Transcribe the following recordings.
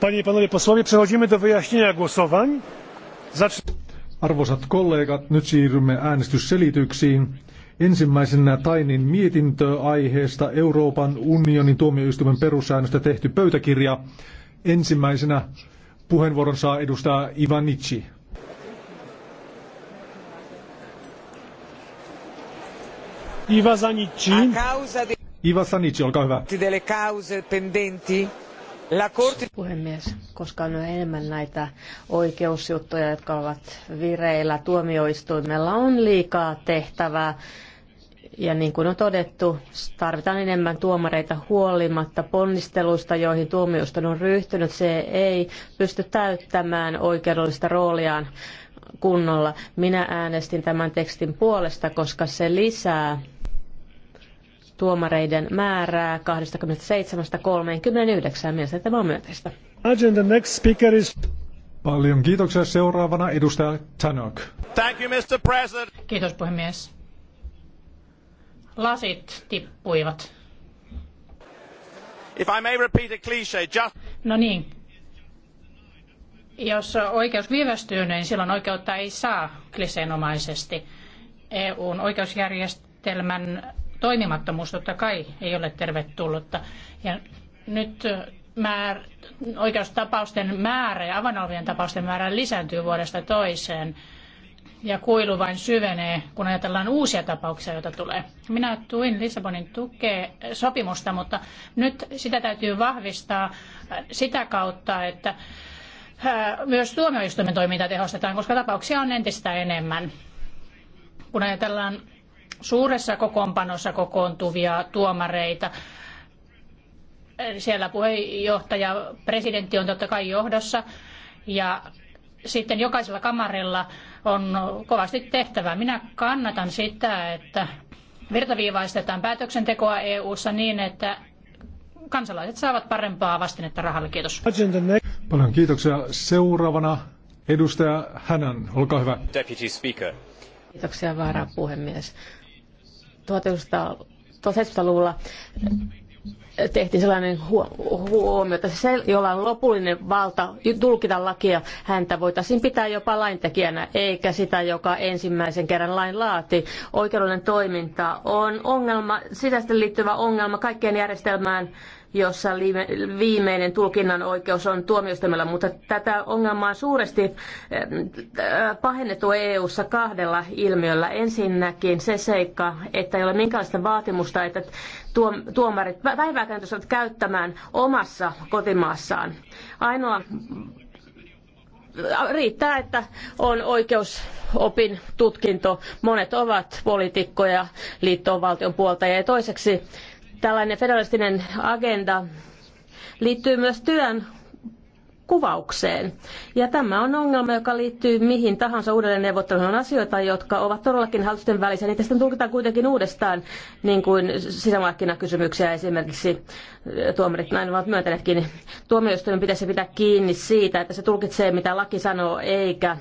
Panie i panowie posłowie, przechodzimy do wyjaśnienia głosowań. Arvoisat kollegat, nyt siirrymme äänestysselityksiin. Ensimmäisenä Tainin mietintö aiheesta Euroopan unionin tuomioistuimen perussäännöstä tehty pöytäkirja. Ensimmäisenä puheenvuoron saa edustaja Ivanici. Iva Sanici. Iva olkaa hyvä. Puhemies, koska on enemmän näitä oikeusjuttuja, jotka ovat vireillä, tuomioistuimella on liikaa tehtävää. Ja niin kuin on todettu, tarvitaan enemmän tuomareita huolimatta ponnisteluista, joihin tuomioistuin on ryhtynyt. Se ei pysty täyttämään oikeudellista rooliaan kunnolla. Minä äänestin tämän tekstin puolesta, koska se lisää tuomareiden määrää 27-39. Mielestäni tämä on myönteistä. Agenda next speaker is... Paljon kiitoksia. Seuraavana edustaja Tanok. Thank you, Mr. President. Kiitos puhemies. Lasit tippuivat. If I may repeat a cliche, just... No niin. Jos oikeus viivästyy, niin silloin oikeutta ei saa kliseenomaisesti. EUn oikeusjärjestelmän toimimattomuus totta kai ei ole tervetullutta. Ja nyt määr, oikeustapausten määrä ja avanolvien tapausten määrä lisääntyy vuodesta toiseen. Ja kuilu vain syvenee, kun ajatellaan uusia tapauksia, joita tulee. Minä tuin Lissabonin tuke, sopimusta, mutta nyt sitä täytyy vahvistaa sitä kautta, että myös tuomioistuimen toimintaa tehostetaan, koska tapauksia on entistä enemmän. Kun ajatellaan suuressa kokoonpanossa kokoontuvia tuomareita. Siellä puheenjohtaja, presidentti on totta kai johdossa ja sitten jokaisella kamarilla on kovasti tehtävää. Minä kannatan sitä, että virtaviivaistetaan päätöksentekoa EU-ssa niin, että kansalaiset saavat parempaa vastinetta rahalle. Kiitos. Paljon kiitoksia. Seuraavana edustaja Hänän, olkaa hyvä. Deputy Speaker. Kiitoksia varapuhemies. 1700-luvulla tehtiin sellainen huomio, että se, jolla on lopullinen valta tulkita lakia, häntä voitaisiin pitää jopa laintekijänä, eikä sitä, joka ensimmäisen kerran lain laati. Oikeudellinen toiminta on ongelma, sisäisesti liittyvä ongelma kaikkien järjestelmään jossa viimeinen tulkinnan oikeus on tuomioistuimella, mutta tätä ongelmaa on suuresti eh, eh, pahennettu EU-ssa kahdella ilmiöllä. Ensinnäkin se seikka, että ei ole minkäänlaista vaatimusta, että tuomarit päivääkään pystyvät käyttämään omassa kotimaassaan. Ainoa riittää, että on oikeusopin tutkinto. Monet ovat poliitikkoja liittovaltion puolta ja toiseksi tällainen federalistinen agenda liittyy myös työn kuvaukseen. Ja tämä on ongelma, joka liittyy mihin tahansa uudelleen neuvotteluun on asioita, jotka ovat todellakin hallitusten välisiä. Niitä sitten tulkitaan kuitenkin uudestaan, niin kuin sisämarkkinakysymyksiä esimerkiksi tuomarit näin ovat myöntäneetkin. Tuomioistuimen pitäisi pitää kiinni siitä, että se tulkitsee mitä laki sanoo, eikä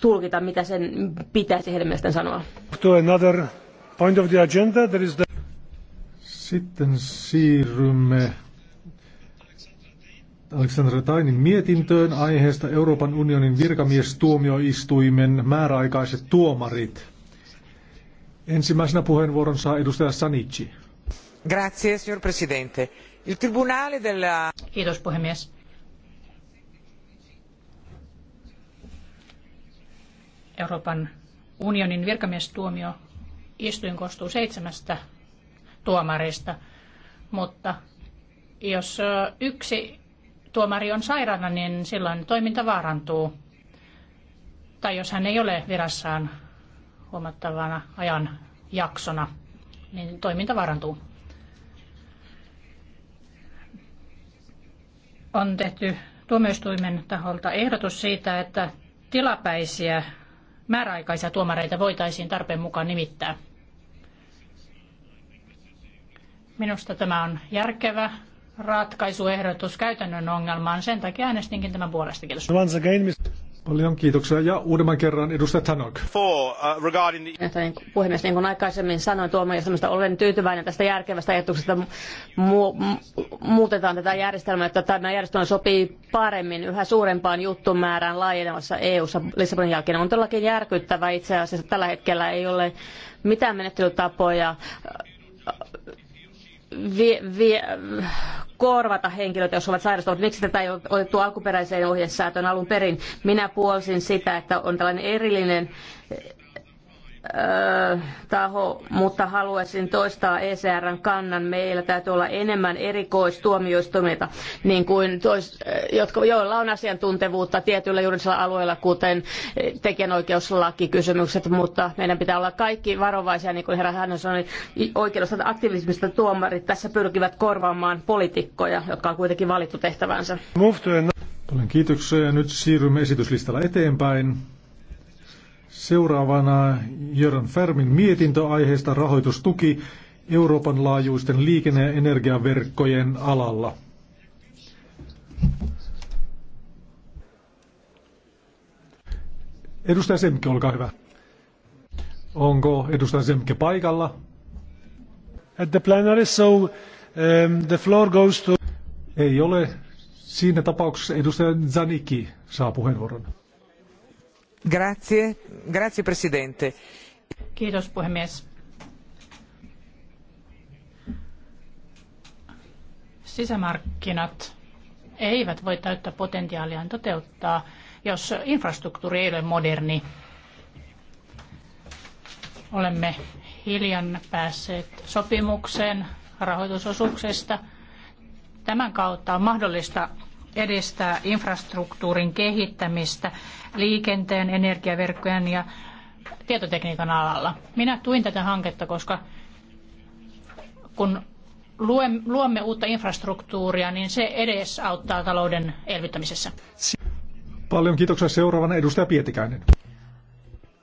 tulkita mitä sen pitäisi heidän mielestään sanoa. To another point of the agenda, there is the... Sitten siirrymme Aleksandra Tainin mietintöön aiheesta Euroopan unionin virkamiestuomioistuimen määräaikaiset tuomarit. Ensimmäisenä puheenvuoron saa edustaja Sanici. Grazie, signor Presidente. Il Tribunale della... Kiitos, puhemies. Euroopan unionin virkamiestuomioistuin koostuu seitsemästä tuomarista, mutta jos yksi tuomari on sairaana, niin silloin toiminta vaarantuu. Tai jos hän ei ole virassaan huomattavana ajan jaksona, niin toiminta vaarantuu. On tehty tuomioistuimen taholta ehdotus siitä, että tilapäisiä määräaikaisia tuomareita voitaisiin tarpeen mukaan nimittää. Minusta tämä on järkevä ratkaisuehdotus käytännön ongelmaan. Sen takia äänestinkin tämän puolesta. Kiitos. Paljon kiitoksia. Ja uudemman kerran edustaja Tanok. For, uh, regarding the... Niin puhemies, niin kuin aikaisemmin sanoin tuomioistuimesta, olen tyytyväinen tästä järkevästä ajatuksesta. Mu- muutetaan tätä järjestelmää, että tämä järjestelmä sopii paremmin yhä suurempaan juttumäärään laajenevassa EU-ssa Lissabonin jälkeen. On todellakin järkyttävä itse asiassa. Tällä hetkellä ei ole mitään menettelytapoja vie, vie, korvata henkilöitä, jos ovat sairastuneet. Miksi tätä ei otettu alkuperäiseen ohjesäätöön alun perin? Minä puolsin sitä, että on tällainen erillinen taho, mutta haluaisin toistaa ECRn kannan. Meillä täytyy olla enemmän erikoistuomioistuimia, niin kuin tois, jotka, joilla on asiantuntevuutta tietyillä juridisilla alueilla, kuten tekijänoikeuslakikysymykset, mutta meidän pitää olla kaikki varovaisia, niin kuin herra Hannessonin oikeudesta aktivismista tuomarit tässä pyrkivät korvaamaan poliitikkoja, jotka on kuitenkin valittu tehtävänsä. Paljon kiitoksia ja nyt siirrymme esityslistalla eteenpäin. Seuraavana Jörn Färmin mietintö aiheesta rahoitustuki Euroopan laajuisten liikenne- ja energiaverkkojen alalla. Edustaja Semke, olkaa hyvä. Onko edustaja Semke paikalla? At the plenary, so um, the floor goes to... Ei ole. Siinä tapauksessa edustaja Zaniki saa puheenvuoron arvoisa puhemies. Sisämarkkinat eivät voi täyttää potentiaaliaan toteuttaa, jos infrastruktuuri ei ole moderni. Olemme hiljan päässeet sopimukseen rahoitusosuuksista. Tämän kautta on mahdollista edistää infrastruktuurin kehittämistä liikenteen, energiaverkkojen ja tietotekniikan alalla. Minä tuin tätä hanketta, koska kun luomme uutta infrastruktuuria, niin se edesauttaa talouden elvyttämisessä. Paljon kiitoksia seuraavana edustaja Pietikäinen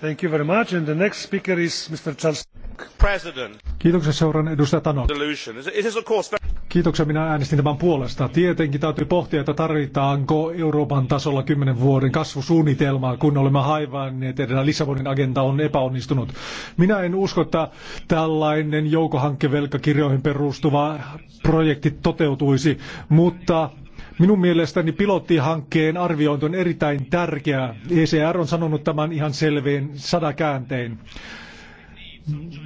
Thank you very much. minä äänestin tämän puolesta. Tietenkin täytyy pohtia, että tarvitaanko Euroopan tasolla kymmenen vuoden kasvusuunnitelmaa, kun olemme haivanneet, että Lissabonin agenda on epäonnistunut. Minä en usko, että tällainen joukohankkevelkakirjoihin perustuva projekti toteutuisi, mutta Minun mielestäni pilottihankkeen arviointi on erittäin tärkeää. ECR on sanonut tämän ihan selveen sadakääntein.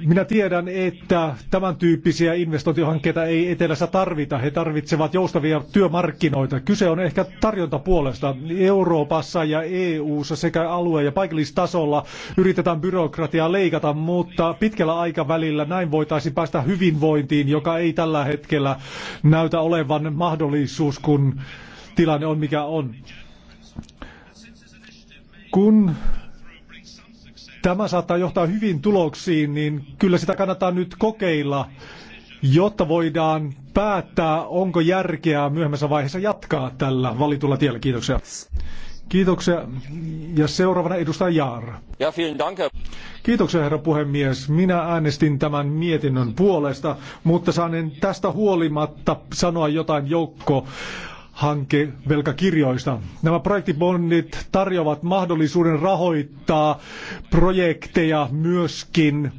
Minä tiedän, että tämän tyyppisiä investointihankkeita ei etelässä tarvita. He tarvitsevat joustavia työmarkkinoita. Kyse on ehkä tarjontapuolesta. Euroopassa ja EU:ssa sekä alue- ja paikallistasolla yritetään byrokratiaa leikata, mutta pitkällä aikavälillä näin voitaisiin päästä hyvinvointiin, joka ei tällä hetkellä näytä olevan mahdollisuus, kun tilanne on mikä on. Kun tämä saattaa johtaa hyvin tuloksiin, niin kyllä sitä kannattaa nyt kokeilla, jotta voidaan päättää, onko järkeä myöhemmässä vaiheessa jatkaa tällä valitulla tiellä. Kiitoksia. Kiitoksia. Ja seuraavana edustaja Jaar. Ja, vielen danke. Kiitoksia herra puhemies. Minä äänestin tämän mietinnön puolesta, mutta saan tästä huolimatta sanoa jotain joukko velkakirjoista. Nämä projektibondit tarjoavat mahdollisuuden rahoittaa projekteja myöskin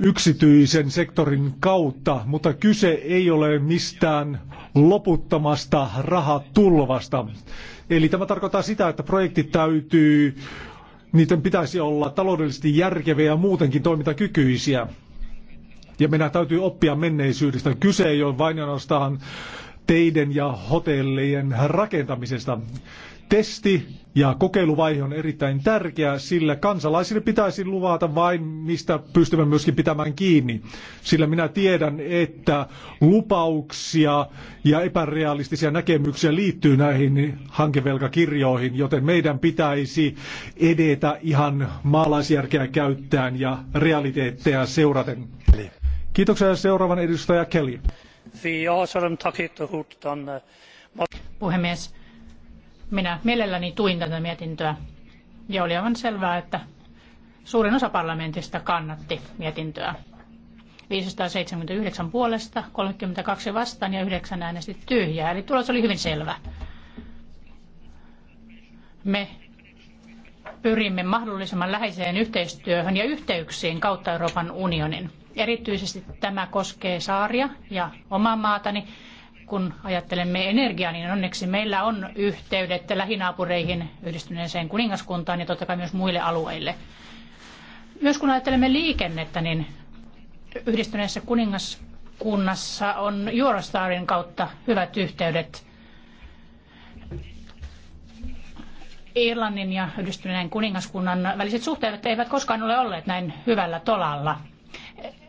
yksityisen sektorin kautta, mutta kyse ei ole mistään loputtomasta rahatulvasta. Eli tämä tarkoittaa sitä, että projektit täytyy, niiden pitäisi olla taloudellisesti järkeviä ja muutenkin toimintakykyisiä. Ja meidän täytyy oppia menneisyydestä. Kyse ei ole vain ainoastaan teiden ja hotellien rakentamisesta. Testi ja kokeiluvaihe on erittäin tärkeä, sillä kansalaisille pitäisi luvata vain, mistä pystymme myöskin pitämään kiinni. Sillä minä tiedän, että lupauksia ja epärealistisia näkemyksiä liittyy näihin hankevelkakirjoihin, joten meidän pitäisi edetä ihan maalaisjärkeä käyttäen ja realiteetteja seuraten. Kiitoksia seuraavan edustaja Kelly. Eh, Puhemies, minä mielelläni tuin tätä mietintöä ja oli aivan selvää, että suurin osa parlamentista kannatti mietintöä. 579 puolesta, 32 vastaan ja 9 äänesti tyhjää, eli tulos oli hyvin selvä. Me pyrimme mahdollisimman läheiseen yhteistyöhön ja yhteyksiin kautta Euroopan unionin. Erityisesti tämä koskee saaria ja omaa maatani. Kun ajattelemme energiaa, niin onneksi meillä on yhteydet lähinaapureihin, yhdistyneeseen kuningaskuntaan ja totta kai myös muille alueille. Myös kun ajattelemme liikennettä, niin yhdistyneessä kuningaskunnassa on Eurostarin kautta hyvät yhteydet Irlannin ja yhdistyneen kuningaskunnan väliset suhteet eivät koskaan ole olleet näin hyvällä tolalla.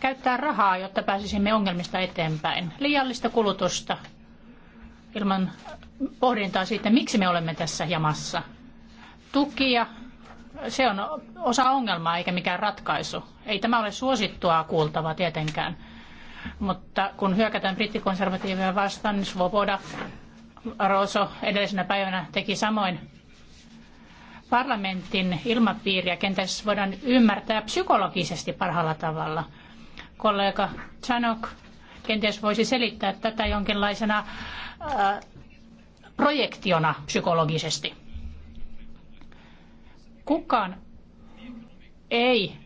käyttää rahaa, jotta pääsisimme ongelmista eteenpäin. Liiallista kulutusta ilman pohdintaa siitä, miksi me olemme tässä jamassa. Tukia, se on osa ongelmaa eikä mikään ratkaisu. Ei tämä ole suosittua kuultavaa tietenkään. Mutta kun hyökätään brittikonservatiiveja vastaan, niin Svoboda, Roso edellisenä päivänä teki samoin parlamentin ilmapiiriä kenties voidaan ymmärtää psykologisesti parhaalla tavalla – kollega Chanok kenties voisi selittää tätä jonkinlaisena äh, projektiona psykologisesti. Kukaan ei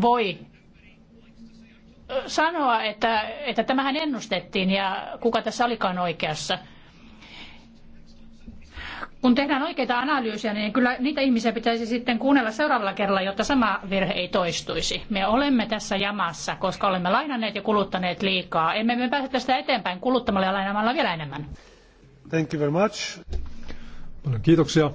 voi äh, sanoa, että, että tämähän ennustettiin ja kuka tässä olikaan oikeassa – kun tehdään oikeita analyysejä, niin kyllä niitä ihmisiä pitäisi sitten kuunnella seuraavalla kerralla, jotta sama virhe ei toistuisi. Me olemme tässä jamassa, koska olemme lainanneet ja kuluttaneet liikaa. Emme me pääse tästä eteenpäin kuluttamalla ja lainaamalla vielä enemmän. Thank you very much. Paljon kiitoksia.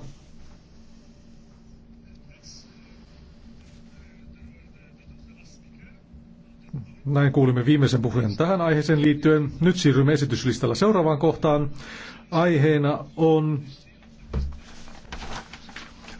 Näin kuulimme viimeisen puheen tähän aiheeseen liittyen. Nyt siirrymme esityslistalla seuraavaan kohtaan. Aiheena on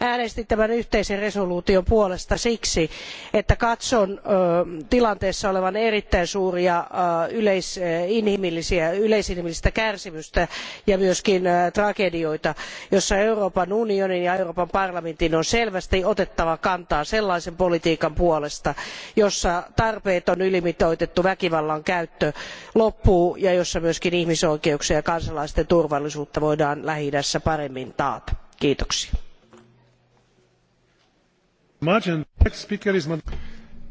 äänestin tämän yhteisen päätöslauselman puolesta siksi että katson tilanteessa olevan erittäin suuria yleisinhimillistä kärsimystä ja myös tragedioita joissa euroopan unionin ja euroopan parlamentin on selvästi otettava kantaa sellaisen politiikan puolesta jossa tarpeeton ylimitoitettu väkivallan käyttö loppuu ja jossa myös ihmisoikeuksia ja kansalaisten turvallisuutta voidaan lähi idässä paremmin taata. kiitoksia.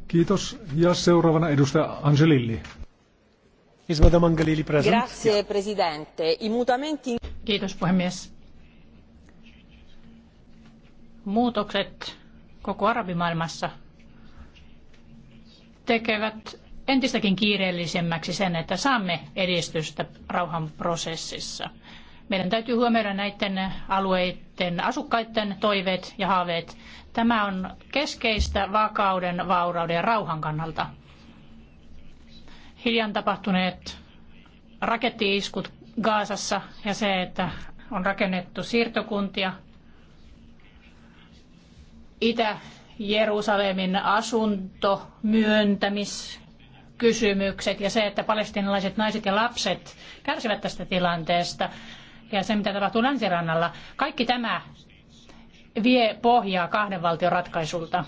Kiitos. Ja seuraavana edustaja Angelilli. Kiitos puhemies. Muutokset koko arabimaailmassa tekevät entistäkin kiireellisemmäksi sen, että saamme edistystä rauhanprosessissa. Meidän täytyy huomioida näiden alueiden asukkaiden toiveet ja haaveet. Tämä on keskeistä vakauden, vaurauden ja rauhan kannalta. Hiljan tapahtuneet rakettiiskut Gaasassa ja se, että on rakennettu siirtokuntia Itä-Jerusalemin asunto, myöntämiskysymykset ja se, että palestinalaiset naiset ja lapset kärsivät tästä tilanteesta, ja se, mitä tapahtuu länsirannalla, kaikki tämä vie pohjaa kahden valtion ratkaisulta.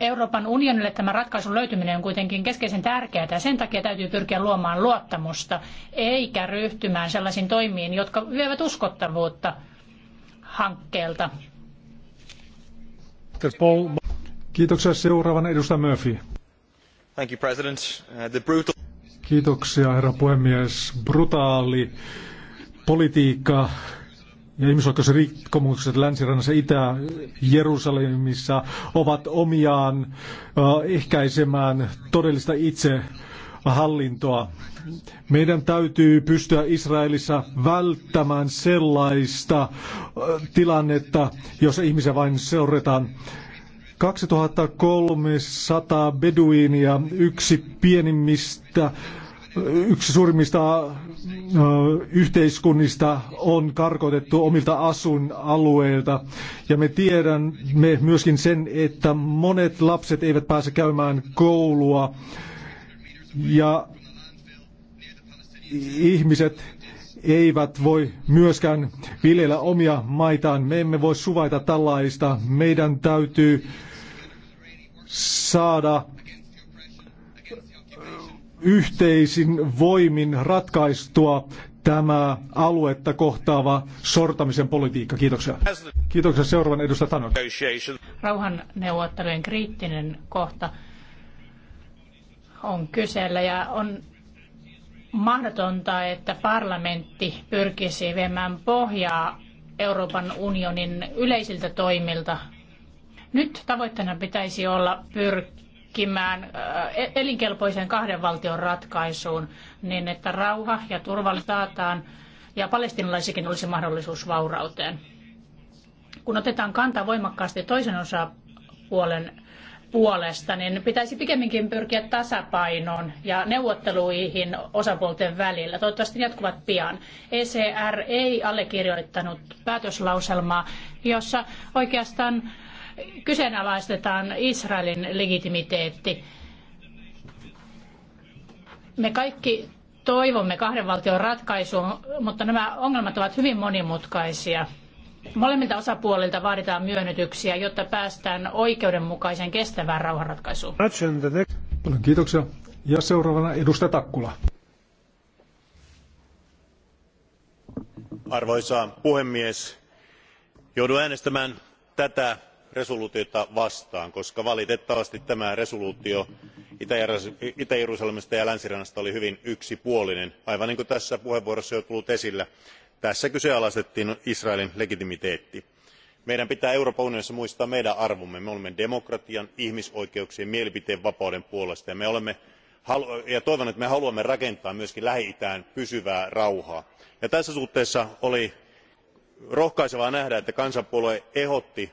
Euroopan unionille tämän ratkaisun löytyminen on kuitenkin keskeisen tärkeää ja sen takia täytyy pyrkiä luomaan luottamusta eikä ryhtymään sellaisiin toimiin, jotka vievät uskottavuutta hankkeelta. Kiitoksia seuraavan edustaja Murphy. Thank you, President. Uh, the brutal... Kiitoksia, herra puhemies. Brutaali politiikka ja ihmisoikeusrikkomukset Länsirannassa Itä-Jerusalemissa ovat omiaan ehkäisemään todellista itsehallintoa. Meidän täytyy pystyä Israelissa välttämään sellaista tilannetta, jossa ihmisiä vain seurataan 2300 beduinia, yksi pienimmistä, yksi suurimmista yhteiskunnista on karkotettu omilta asuinalueilta. Ja me tiedämme myöskin sen, että monet lapset eivät pääse käymään koulua ja ihmiset eivät voi myöskään viljellä omia maitaan. Me emme voi suvaita tällaista. Meidän täytyy saada yhteisin voimin ratkaistua tämä aluetta kohtaava sortamisen politiikka. Kiitoksia. Kiitoksia seuraavan edustaja Tanok. Rauhanneuvottelujen kriittinen kohta on kysellä ja on mahdotonta, että parlamentti pyrkisi viemään pohjaa Euroopan unionin yleisiltä toimilta nyt tavoitteena pitäisi olla pyrkimään elinkelpoiseen kahden valtion ratkaisuun niin, että rauha ja turvallisuus taataan ja palestinalaisikin olisi mahdollisuus vaurauteen. Kun otetaan kantaa voimakkaasti toisen osapuolen puolesta, niin pitäisi pikemminkin pyrkiä tasapainoon ja neuvotteluihin osapuolten välillä. Toivottavasti jatkuvat pian. ECR ei allekirjoittanut päätöslauselmaa, jossa oikeastaan kyseenalaistetaan Israelin legitimiteetti. Me kaikki toivomme kahden valtion ratkaisua, mutta nämä ongelmat ovat hyvin monimutkaisia. Molemmilta osapuolilta vaaditaan myönnytyksiä, jotta päästään oikeudenmukaiseen kestävään rauhanratkaisuun. Paljon kiitoksia. Ja seuraavana edustaja Takkula. Arvoisa puhemies, joudun äänestämään tätä päätöslauselmaa vastaan koska valitettavasti tämä päätöslauselma itä jerusalemista ja länsirannasta oli hyvin yksipuolinen. aivan niin kuin tässä puheenvuorossa on jo tullut esille tässä kyseenalaistettiin israelin legitimiteetti. meidän pitää euroopan unionissa muistaa meidän arvomme. me olemme demokratian ihmisoikeuksien ja mielipiteenvapauden puolesta ja toivon että me haluamme rakentaa myös lähi itään pysyvää rauhaa. Ja tässä suhteessa oli rohkaisevaa nähdä että kansanpuolue ehdotti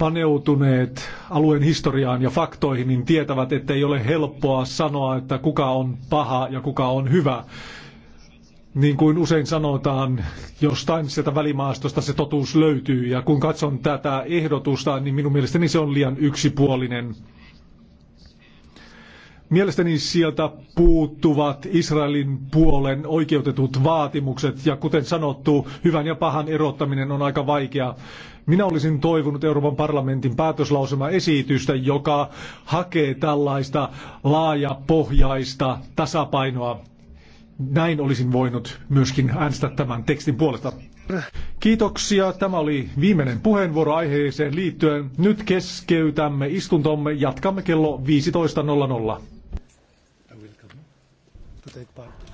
paneutuneet alueen historiaan ja faktoihin, niin tietävät, että ei ole helppoa sanoa, että kuka on paha ja kuka on hyvä. Niin kuin usein sanotaan, jostain sieltä välimaastosta se totuus löytyy. Ja kun katson tätä ehdotusta, niin minun mielestäni se on liian yksipuolinen. Mielestäni sieltä puuttuvat Israelin puolen oikeutetut vaatimukset ja kuten sanottu, hyvän ja pahan erottaminen on aika vaikeaa. Minä olisin toivonut Euroopan parlamentin päätöslauselmaesitystä, joka hakee tällaista laajapohjaista tasapainoa. Näin olisin voinut myöskin äänestää tämän tekstin puolesta. Kiitoksia. Tämä oli viimeinen puheenvuoro aiheeseen liittyen. Nyt keskeytämme istuntomme. Jatkamme kello 15.00.